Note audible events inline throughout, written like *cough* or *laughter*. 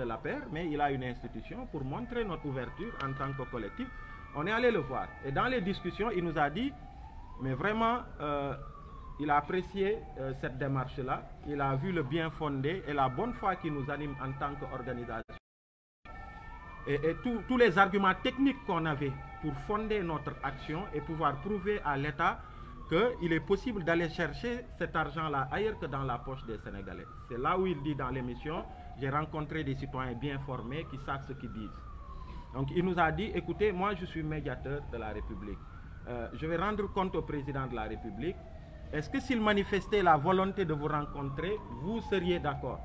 de la paire, mais il a une institution pour montrer notre ouverture en tant que collectif. On est allé le voir. Et dans les discussions, il nous a dit, mais vraiment, euh, il a apprécié euh, cette démarche-là. Il a vu le bien fondé et la bonne foi qui nous anime en tant qu'organisation. Et, et tous les arguments techniques qu'on avait pour fonder notre action et pouvoir prouver à l'État qu'il est possible d'aller chercher cet argent-là ailleurs que dans la poche des Sénégalais. C'est là où il dit dans l'émission j'ai rencontré des citoyens bien formés qui savent ce qu'ils disent. Donc il nous a dit, écoutez, moi je suis médiateur de la République. Euh, je vais rendre compte au président de la République. Est-ce que s'il manifestait la volonté de vous rencontrer, vous seriez d'accord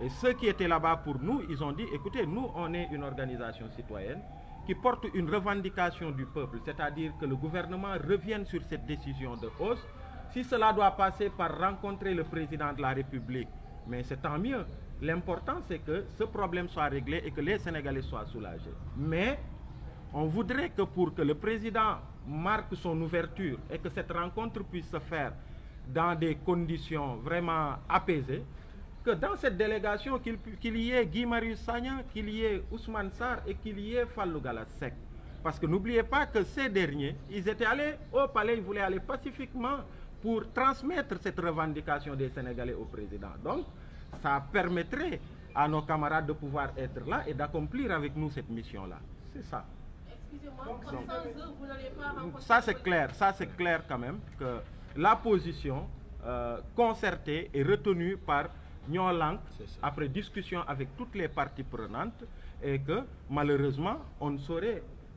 Et ceux qui étaient là-bas pour nous, ils ont dit, écoutez, nous, on est une organisation citoyenne qui porte une revendication du peuple, c'est-à-dire que le gouvernement revienne sur cette décision de hausse. Si cela doit passer par rencontrer le président de la République mais c'est tant mieux. L'important, c'est que ce problème soit réglé et que les Sénégalais soient soulagés. Mais on voudrait que pour que le président marque son ouverture et que cette rencontre puisse se faire dans des conditions vraiment apaisées, que dans cette délégation, qu'il y ait Guy-Marius Sagnan, qu'il y ait Ousmane Sarr et qu'il y ait Fallou Galasek. Parce que n'oubliez pas que ces derniers, ils étaient allés au palais, ils voulaient aller pacifiquement pour transmettre cette revendication des Sénégalais au président. Donc, ça permettrait à nos camarades de pouvoir être là et d'accomplir avec nous cette mission-là. C'est ça. Excusez-moi, vous pas Ça, c'est clair. Ça, c'est clair quand même que la position euh, concertée et retenue par Nyon après discussion avec toutes les parties prenantes et que malheureusement, on ne saurait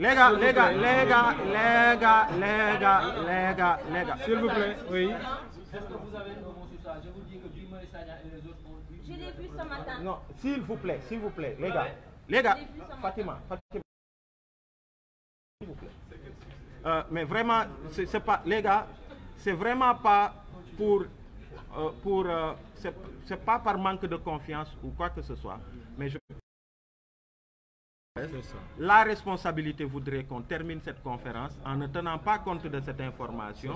Les gars, les gars, les gars, les gars, les gars, les gars, les gars, s'il vous plaît, oui. Est-ce que vous avez sur ça Je vous dis que Jimmy et les autres ont vu. Je l'ai vu ce matin. Non, s'il vous plaît, s'il vous plaît, les gars, les gars, Fatima, Fatima. S'il vous plaît. Euh, mais vraiment, c'est pas, les gars, c'est vraiment pas pour, euh, pour, euh, c'est pas par manque de confiance ou quoi que ce soit, mais je la responsabilité voudrait qu'on termine cette conférence en ne tenant pas compte de cette information.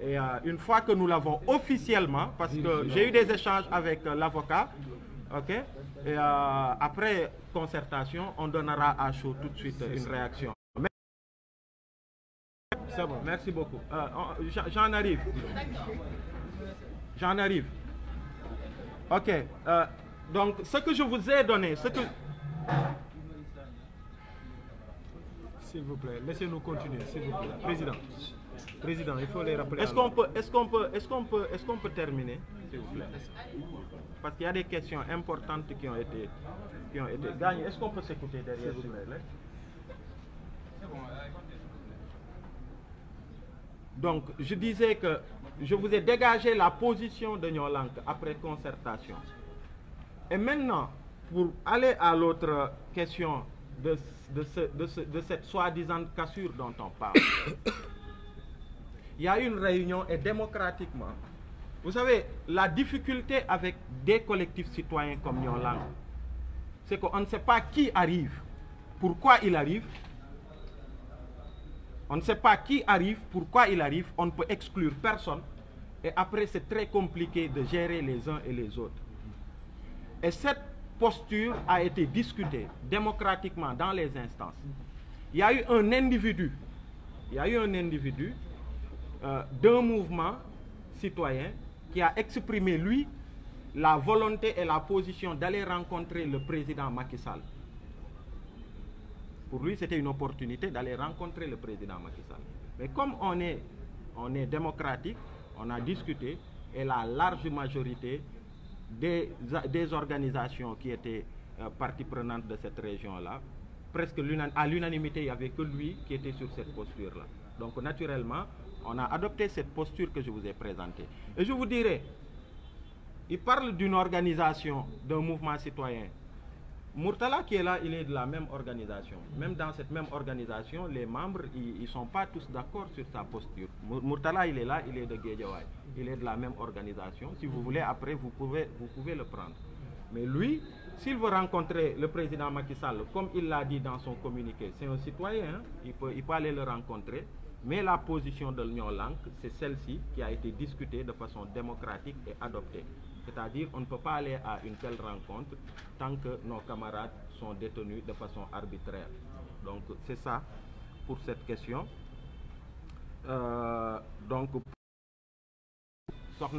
Et euh, une fois que nous l'avons officiellement, parce que j'ai eu des échanges avec euh, l'avocat, ok et, euh, après concertation, on donnera à chaud tout de suite une réaction. C'est bon, merci beaucoup. J'en arrive. J'en arrive. Ok. donc, ce que je vous ai donné, ce que s'il vous plaît, laissez-nous continuer, s'il vous plaît. Président, président, il faut les rappeler. Est-ce qu'on peut, est-ce qu'on peut, est-ce qu'on peut, est-ce qu'on peut terminer, s'il vous plaît Parce qu'il y a des questions importantes qui ont été, qui ont gagnées. Est-ce qu'on peut s'écouter derrière, vous Donc, je disais que je vous ai dégagé la position de Nyolank après concertation. Et maintenant, pour aller à l'autre question de, cette soi-disant cassure dont on parle. Il y a une réunion et démocratiquement. Vous savez, la difficulté avec des collectifs citoyens comme Nyolang, c'est qu'on ne sait pas qui arrive, pourquoi il arrive. On ne sait pas qui arrive, pourquoi il arrive. On ne peut exclure personne. Et après, c'est très compliqué de gérer les uns et les autres. Et cette posture a été discutée démocratiquement dans les instances. Il y a eu un individu, il y a eu un individu euh, d'un mouvement citoyen qui a exprimé, lui, la volonté et la position d'aller rencontrer le président Macky Sall. Pour lui, c'était une opportunité d'aller rencontrer le président Macky Sall. Mais comme on est, on est démocratique, on a discuté et la large majorité des, organisations qui étaient euh, partie prenante de cette région-là, presque à l'unanimité, il n'y avait que lui qui était sur cette posture-là. Donc naturellement, on a adopté cette posture que je vous ai présentée. Et je vous dirais, il parle d'une organisation, d'un mouvement citoyen. Murtala qui est là, il est de la même organisation. Même dans cette même organisation, les membres, ils ne sont pas tous d'accord sur sa posture. Murtala, il est là, il est de Guédiawaye il est de la même organisation. Si vous voulez, après, vous pouvez, vous pouvez le prendre. Mais lui, s'il veut rencontrer le président Macky Sall, comme il l'a dit dans son communiqué, c'est un citoyen, hein, il, peut, il peut aller le rencontrer. Mais la position de l'Union Langue, c'est celle-ci qui a été discutée de façon démocratique et adoptée. C'est-à-dire on ne peut pas aller à une telle rencontre tant que nos camarades sont détenus de façon arbitraire. Donc c'est ça pour cette question. Euh, donc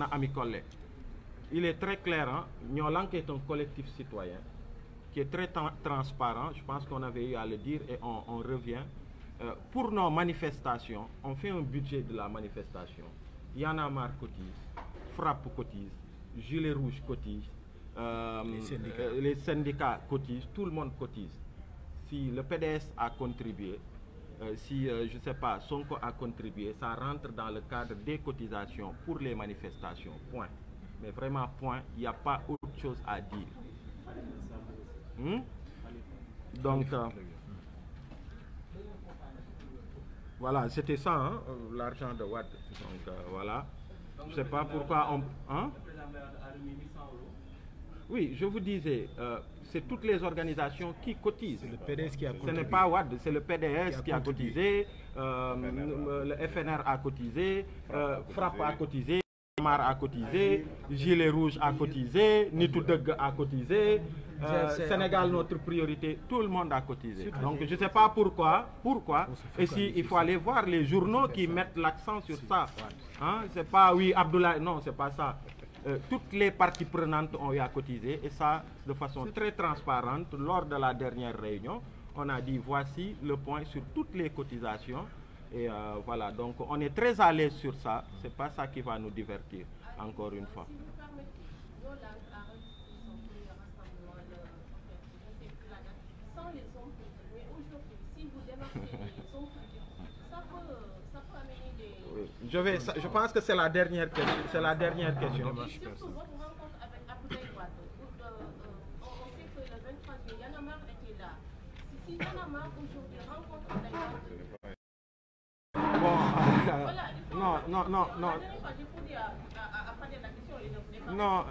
Ami il est très clair hein est un collectif citoyen qui est très transparent je pense qu'on avait eu à le dire et on revient euh, pour nos manifestations on fait un budget de la manifestation Y en cotise Frappe cotise Gilets rouges cotise euh, les syndicats euh, les syndicats cotisent tout le monde cotise si le PDS a contribué euh, si, euh, je ne sais pas, Sonko a contribué, ça rentre dans le cadre des cotisations pour les manifestations, point. Mais vraiment, point, il n'y a pas autre chose à dire. Hmm? Donc, euh, voilà, c'était ça, hein, l'argent de Watt. Donc, voilà. Je ne sais pas pourquoi on... Hein? Oui, je vous disais, euh, c'est toutes les organisations qui cotisent. C'est le PDS qui a cotisé. Ce n'est pas WAD, c'est le PDS qui a, cotisé, euh, le, FNR a cotisé, euh, FRAP a cotisé, Mar a cotisé, Gilet Rouge a cotisé, Nitoudeg a cotisé, Sénégal notre priorité, tout le monde a cotisé. Donc je ne sais pas pourquoi, pourquoi, et si il faut aller voir les journaux qui mettent l'accent sur ça. Hein? C'est pas, oui, Abdoulaye, non, c'est pas ça. Euh, toutes les parties prenantes ont eu à cotiser et ça de façon très transparente lors de la dernière réunion. On a dit voici le point sur toutes les cotisations et euh, voilà donc on est très à l'aise sur ça. C'est pas ça qui va nous divertir encore une fois. Je, pense que c'est la dernière question. C'est la dernière question. Ah, Surtout votre rencontre avec Abdoulaye Wade. Euh, on sait que le 23 juillet, Yanamar était là. Si Yanamar aujourd'hui rencontre Abdoulaye Wade. Ah, bon, non, non, non, non.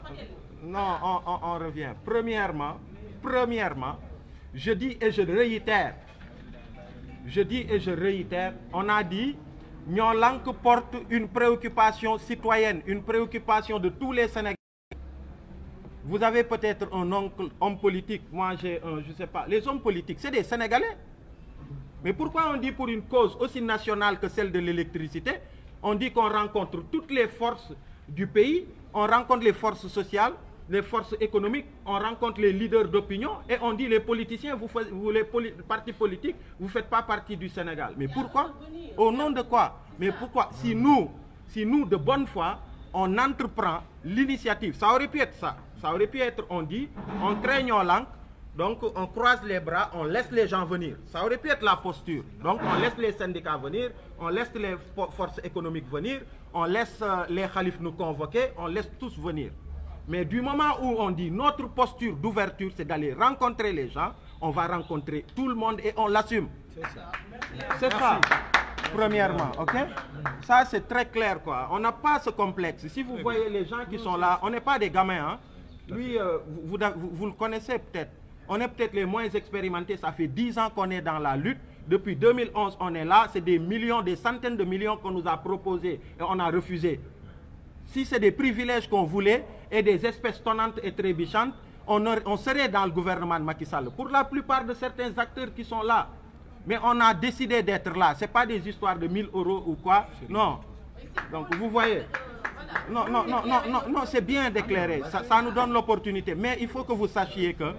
Euh, on, revient. Premièrement, premièrement, je dis et je réitère. Je dis et je réitère, on a dit Nyon porte une préoccupation citoyenne, une préoccupation de tous les Sénégalais. Vous avez peut-être un homme politique, moi j'ai un, je ne sais pas. Les hommes politiques, c'est des Sénégalais. Mais pourquoi on dit pour une cause aussi nationale que celle de l'électricité, on dit qu'on rencontre toutes les forces du pays, on rencontre les forces sociales, les forces économiques, on rencontre les leaders d'opinion et on dit les politiciens, vous, vous les partis politiques, vous ne faites pas partie du Sénégal. Mais pourquoi Au nom de quoi Mais pourquoi Si nous, si nous, de bonne foi, on entreprend l'initiative, ça aurait pu être ça. Ça aurait pu être, on dit, on en langue, donc on croise les bras, on laisse les gens venir. Ça aurait pu être la posture. Donc on laisse les syndicats venir, on laisse les forces économiques venir, on laisse euh, les khalifs nous convoquer, on laisse tous venir. Mais du moment où on dit notre posture d'ouverture, c'est d'aller rencontrer les gens, on va rencontrer tout le monde et on l'assume. C'est ça. C'est ça. Premièrement, ok Ça, c'est très clair, quoi. On n'a pas ce complexe. Si vous voyez les gens qui sont là, on n'est pas des gamins, hein. Lui, euh, vous, vous le connaissez peut-être. On est peut-être les moins expérimentés. Ça fait 10 ans qu'on est dans la lutte. Depuis 2011, on est là. C'est des millions, des centaines de millions qu'on nous a proposés et on a refusé. Si c'est des privilèges qu'on voulait et des espèces tonnantes et trébuchantes, on, on serait dans le gouvernement de Macky Sall. Pour la plupart de certains acteurs qui sont là, mais on a décidé d'être là. Ce n'est pas des histoires de 1000 euros ou quoi. Non. Donc vous voyez. Non, non, non, non, non, c'est bien déclaré. ça nous donne l'opportunité. Mais il faut que vous sachiez que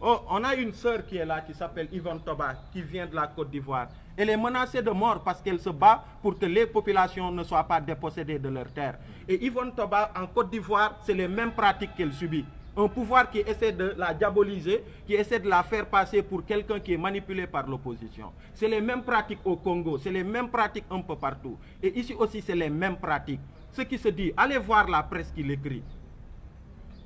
Oh, on a une sœur qui est là, qui s'appelle Yvonne Toba, qui vient de la Côte d'Ivoire. Elle est menacée de mort parce qu'elle se bat pour que les populations ne soient pas dépossédées de leurs terres. Et Yvonne Toba, en Côte d'Ivoire, c'est les mêmes pratiques qu'elle subit. Un pouvoir qui essaie de la diaboliser, qui essaie de la faire passer pour quelqu'un qui est manipulé par l'opposition. C'est les mêmes pratiques au Congo, c'est les mêmes pratiques un peu partout. Et ici aussi, c'est les mêmes pratiques. Ce qui se dit, allez voir la presse qui l'écrit.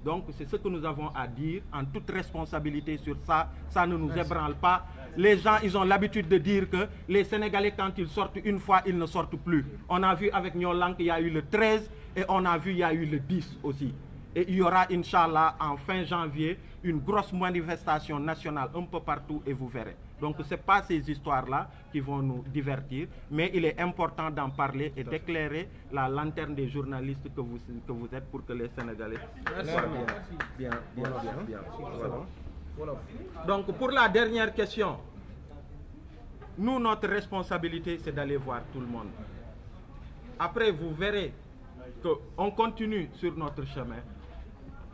Donc c'est ce que nous avons à dire en toute responsabilité sur ça. Ça ne nous ébranle pas. Les gens, ils ont l'habitude de dire que les Sénégalais, quand ils sortent une fois, ils ne sortent plus. On a vu avec Nyolan qu'il y a eu le 13 et on a vu qu'il y a eu le 10 aussi. Et il y aura, Inch'Allah, en fin janvier, une grosse manifestation nationale un peu partout et vous verrez. Donc ce n'est pas ces histoires-là qui vont nous divertir, mais il est important d'en parler et d'éclairer la lanterne des journalistes que vous, êtes pour que les Sénégalais bien. Bien, bien, bien, bien. Donc pour la dernière question, nous, notre responsabilité, c'est d'aller voir tout le monde. Après, vous verrez qu'on continue sur notre chemin.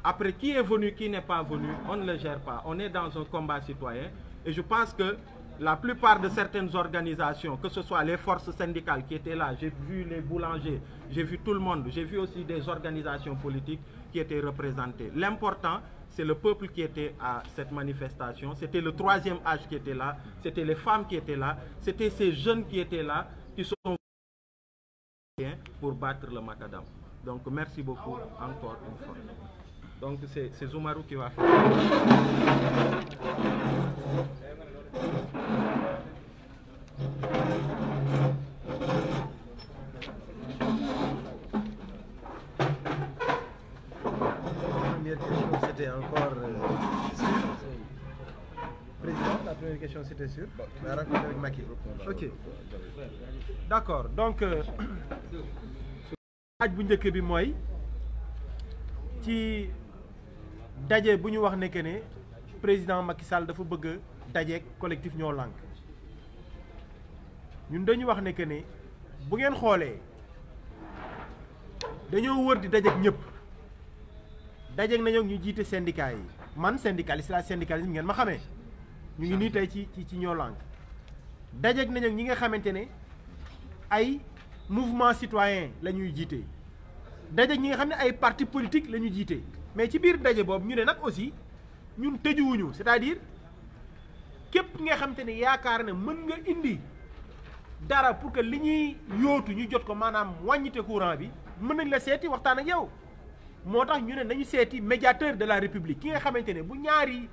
Après, qui est venu, qui n'est pas venu, on ne le gère pas. On est dans un combat citoyen. Et je pense que la plupart de certaines organisations, que ce soit les forces syndicales qui étaient là, j'ai vu les boulangers, j'ai vu tout le monde, j'ai vu aussi des organisations politiques qui étaient représentées. L'important, c'est le peuple qui était à cette manifestation, c'était le troisième âge qui était là, c'était les femmes qui étaient là, c'était ces jeunes qui étaient là, qui sont pour battre le macadam. Donc merci beaucoup encore une fois. Donc c'est Zumaru qui va faire. c'était encore. Euh, président, la première question c'était sûr. La rencontre avec Macky. Ok. D'accord. Donc, euh, *clears throat* laaj bu njëkk bi mooy ci. daje bu ñu wax ne que ne président Macky Sall dafa bëgg a dajeeg collectif ñoo lànk ñun dañu wax ne que ne bu ngeen xoolee dañoo wër di dajeeg ñëpp dajeeg nañoo ñu jiite sendikaa yi man syndicaliste la syndicalisme ngeen ma xamee ñu ngi nii tey ci ci ci ñoo lànk dajeeg nañoo ñi nga xamante ne ay mouvement citoyen la ñuy jiite dajeeg ñi nga xam ne ay parti politique la ñuy jiite. mais ci biir daje boobu ñu ne nag aussi ñun tëjuwuñu c'est-à-dire képp nga xamante ne yaakaar ne mën nga indi dara pour que li ñuy yootu ñu jot ko maanaam wàññite courant bi mën nañ la seeti waxtaan ak yow moo tax ñu ne nañu seeti médiateur de la république ki nga xamante ne bu ñaari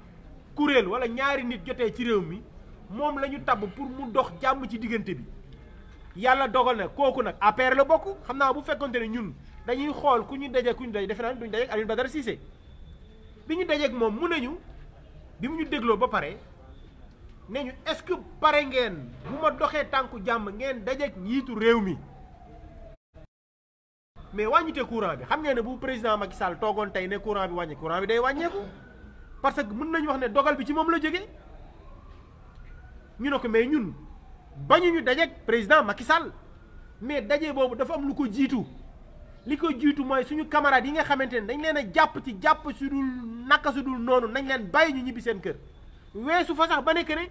kuréel wala ñaari nit jotee ci réew mi moom lañu ñu pour mu dox jàmm ci diggante bi yàlla dogal na kooku nag APR la bokk xam naa bu fekkonte ne ñun dañuy xool ku ñu daje ku ñu daje defe ñu duñu daje ak Alioune Badara bi ñu dajeeg moom mun nañu bi mu ñu dégloo ba pare ne ñu est-ce que pare ngeen bu ma doxee tànku jàmm ngeen dajeeg njiitu réew mi. mais wàññite courant bi xam ngeen ne bu président Macky Sall toogoon tey ne courant bi wàññi courant bi day wàññeeku parce que mun nañu wax ne dogal bi ci moom la jógee ñu ne ko mais ñun bañu ñu président Macky Sall mais daje boobu dafa am lu ko jiitu. li ko jiitu mooy suñu camarades yi nga xamante ne dañ leen a jàpp ci jàpp su dul naka su dul noonu nañ leen bàyyi ñu ñibbi seen kër weesu fa sax ba nekk ne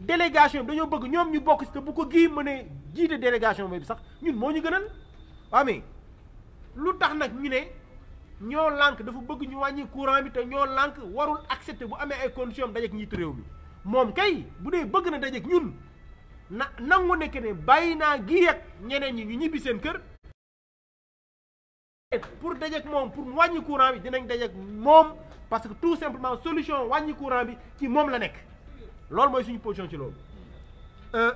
délégation bi dañoo bëgg ñoom ñu bokk si te bu ko gii mënee jiite délégation bi sax ñun moo ñu gënal waaw mais lu tax nag ñu ne ñoo lànk dafa bëgg ñu wàññi courant bi te ñoo lànk warul accepter bu amee ay conditions am dajeeg njiitu réew mi moom kay bu dee bëgg na dajeeg ñun na nangu nekk ne bàyyi naa gii ñeneen ñi ñu ñibbi seen kër et pour que mon, pour courant bi dinañ parce que tout simplement solution wàññi courant bi je la Je position euh,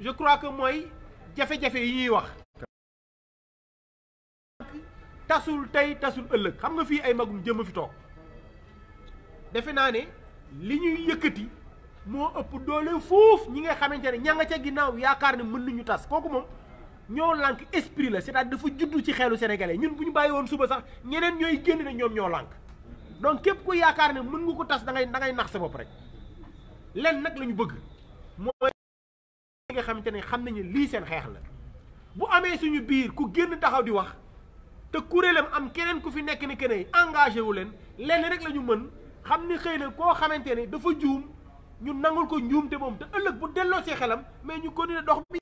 je crois que moi, je suis yi ñuy wax tasul Je tasul xam nga ay magum jëm fi Je ne li ñuy yëkkati moo ëpp doole nga ne ñoo lank esprit la c'est-à-dire dafa juddu ci xélu sénégalais ñun buñu bayi won suba sax ñeneen ñoy génn na ñom ñoo lank donc képp ku yaakar né mën nga ko tass da ngay da ngay nax sa bop rek lén nak lañu bëgg moy nga xamanteni ne xam nañu lii seen xeex la bu amé suñu biir ku génn taxaw di wax te kuréelam am keneen ku fi nekk ni keneen engagé wu len lén rek lañu mën xamni ni ko xamanteni dafa joom ñu nangul ko njuumte mom te ëlëk bu delloo ci xelam mais ñu continuer dox bi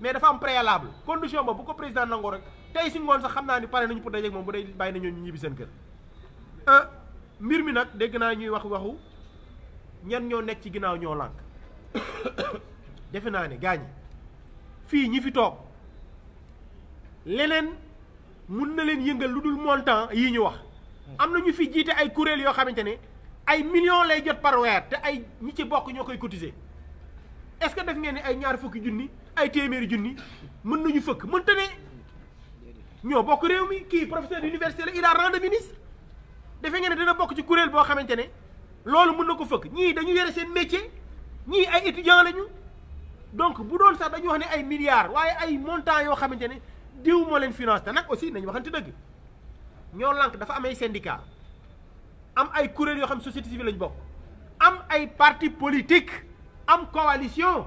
mais dafa am préalable condition boobu bu ko président nangoo rek tey si ngoon sax xam naa ni pare nañu pour dajeeg moom bu day bàyyi nañoo ñu ñibbi seen kër euh, mbir mi nag dégg naa ñuy wax waxu ñan ñoo nekk ci ginnaaw ñoo lànk *coughs* defe naa ne ñi fii ñi fi toog leneen mun na leen yëngal lu dul montant yii ñu wax am na ñu fi jiite ay kuréel yoo xamante ne ay millions lay jot par weer te ay ñi ci bokk ñoo koy cotiser est-ce que def ngeen ni ay ñaar fukki junni ay téméré junni mën nañu fëkk mën tane ñoo bokk réew mi kii professeur d'université la il a rendu de ministre defe nga ne dina bokk ci kuréel boo xamante loolu mën na ko fëkk ñii dañu yore seen métier ay étudiants lañu donc bu doon sax dañu wax ay milliards waaye ay montants yoo xamante ne diw moo leen finance nag aussi nañu waxante dëgg ñoo lànk dafa am syndicat am ay xam société civile lañu bokk am ay parti politique am coalition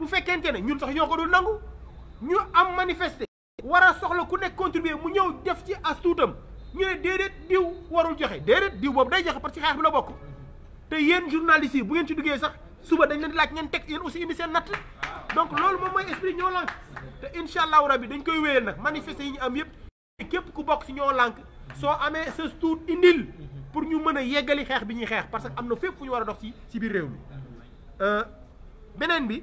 bu fekkente ne ñun sax ñoko ko nangu ñu am manifester wara soxla ku nek contribuer mu ñew def ci as ñu ne déedéet diw warul joxe déedéet diw bobu day joxe par que xex bi la bokk te yeen journaliste bu ngeen ci duggé sax suba dañ leen laaj ngeen tek yeen aussi indi sen nat donc lool mom moy esprit ñoo lank te inshallah rabbi dañ koy wéyel nak manifester yi ñu am yépp képp ku bok ci ñoo lank so amé ce tuut indil pour ñu mëna a xex bi ñi xex parce que amna fepp fu ñu wara dox ci ci biir réew mi euh, beneen bi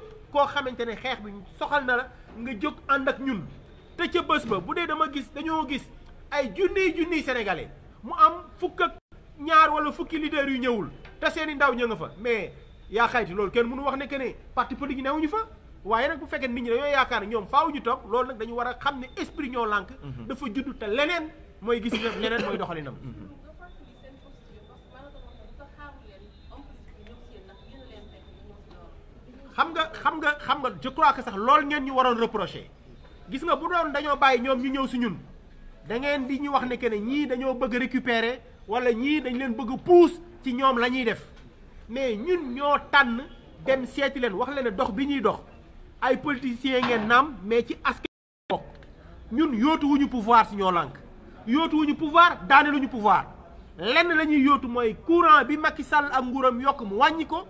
koo xamante ne xeex bi ñu soxal na la nga jóg ànd ak ñun te ca bés ba bu dee dama gis dañoo gis ay junniy junniy sénégalais mu am fukk ak ñaar wala fukki leader yu ñëwul te seeni ndaw ña nga fa mais yaa xayti loolu kenn nu wax ne que ne parti politique newuñu fa waaye nag bu fekkee nit ñi dañoo yaakaar ñoom faaw ñu toog loolu nag dañu war a xam ne esprit ñoo lànk mhm. dafa judd te leneen mooy gis leneen mooy doxalinam mhm. xam nga xam nga xam nga je crois que sax loolu ngeen ñu waroon reprocher gis nga bu doon dañoo bàyyi ñoom ñu ñëw si ñun da ngeen di ñu wax ne que ne ñii dañoo bëgg récupérer wala ñii dañ leen bëgg puus ci ñoom la ñuy def mais ñun ñoo tànn dem seeti leen wax leen ne dox bi ñuy dox ay politiciens ngeen naam mais ci askan ñun yootuwuñu wuñu pouvoir si ñoo lànk yootuwuñu wuñu pouvoir daane luñu pouvoir lenn la ñuy yootu mooy courant bi mag Macky sàll ak nguuram yokk mu wàññi ko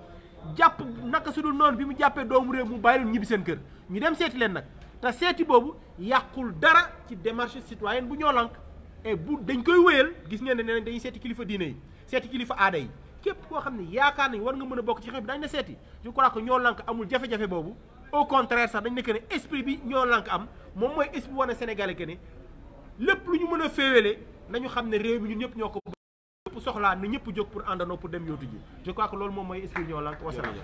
japp nak su non bi mu jappé doomu rew mu bayil ñibi seen kër ñu dem séti len nak ta séti bobu yàqul dara ci démarche citoyenne bu ñoo lank et bu dañ koy wëyel gis ngeen né nee nañ dañuy kilifa diiné yi seeti kilifa aada yi képp ko xam yaakaar ni war nga mëna bok ci xeex bi dañ na séti je crois que ñoo lank amul jafé jafé bobu au contraire sax dañ nekk ne esprit bi ñoo lank am mom moy esprit wane sénégalais que ne lépp lu ñu mëna a féewale nañu xam ne réew mi ñun ñëpp ñoko soxlaa na ñëpp jóg pour àndandoo pour dem yóotu ji je crois loolu moom mooy esprit ñoo lank wasalaam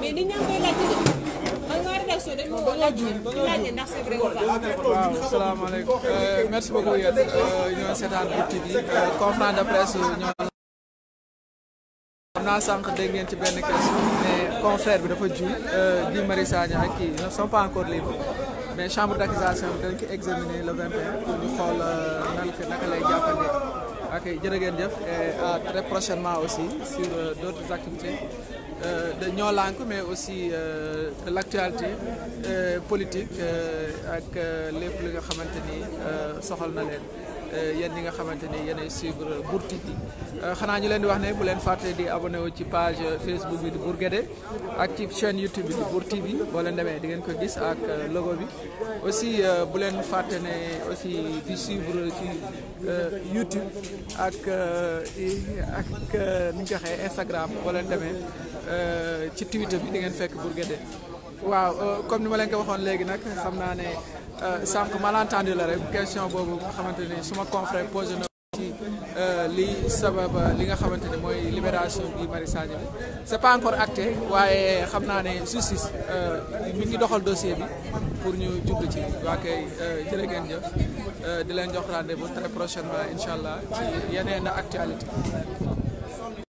mais nit ñaa ngi koy laajte de man waa rédaction dañu ñoo seetaan Lutte TV euh, conférence de presse ñoo Nous avons sànq ci question mais confrère bi dafa juum di qui ne sont pas encore libres mais la chambre d'accusation a été examiner le 21 pour nous faire un naka lay jàppande ak et à très prochainement aussi sur euh, d'autres activités euh, de Nyon mais aussi euh, de l'actualité politique ak lépp li nga xamante ni soxal na leen. Euh, yéen ñi nga xamante ni yéenay suivre Mbour TV euh, xanaa ñu leen di wax ne bu leen fàtte di abonné wu ci page Facebook bi di Mbour Guédé ak ci chaîne YouTube bi di Mbour TV boo demee di ngeen ko gis ak euh, logo bi aussi bu leen fàtte ne aussi di suivre ci YouTube ak ak ni ñu ko waxee Instagram boo demee ci Twitter bi di ngeen fekk Mbour Guédé waaw comme ni ma leen ko waxoon léegi nag xam naa ne. Euh, sànq malentendu la rek question boobu nga xamante ni suma confrère posé na ci euh, li sabab euh, li nga xamante ni mooy libération bi Guy Marius Sagna bi c'est pas encore acté waaye xam naa ne justice mi ngi doxal dossier bi pour ñu jublu ci waa kay jërë ngeen jëf di leen jox rendez-vous très prochainement incha allah ci yeneen actualité